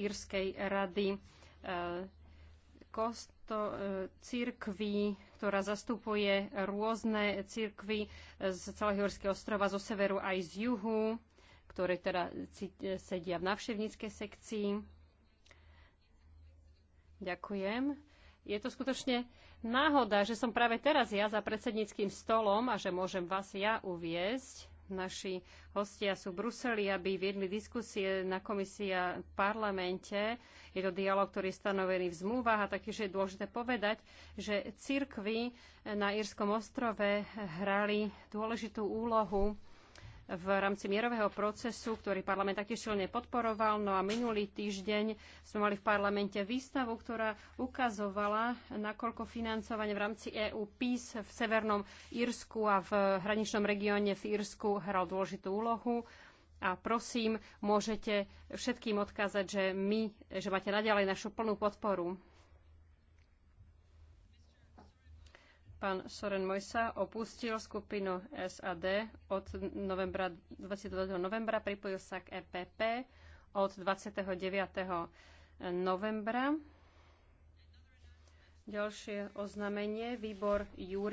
Írskej rady e, kosto, e, církvy, ktorá zastupuje rôzne církvy z celého Jurského ostrova, zo severu aj z juhu, ktoré teda e, sedia v navštevníckej sekcii. Ďakujem. Je to skutočne náhoda, že som práve teraz ja za predsedníckým stolom a že môžem vás ja uviezť naši hostia sú v Bruseli, aby viedli diskusie na komisia v parlamente. Je to dialog, ktorý je stanovený v zmluvách a taktiež je dôležité povedať, že cirkvy na Írskom ostrove hrali dôležitú úlohu v rámci mierového procesu, ktorý parlament taktiež silne podporoval. No a minulý týždeň sme mali v parlamente výstavu, ktorá ukazovala, nakoľko financovanie v rámci EU PIS v Severnom Írsku a v hraničnom regióne v Írsku hral dôležitú úlohu. A prosím, môžete všetkým odkázať, že my, že máte naďalej našu plnú podporu. Pán Soren Mojsa opustil skupinu SAD od novembra, 22. novembra, pripojil sa k EPP od 29. novembra. Ďalšie oznamenie, výbor Júri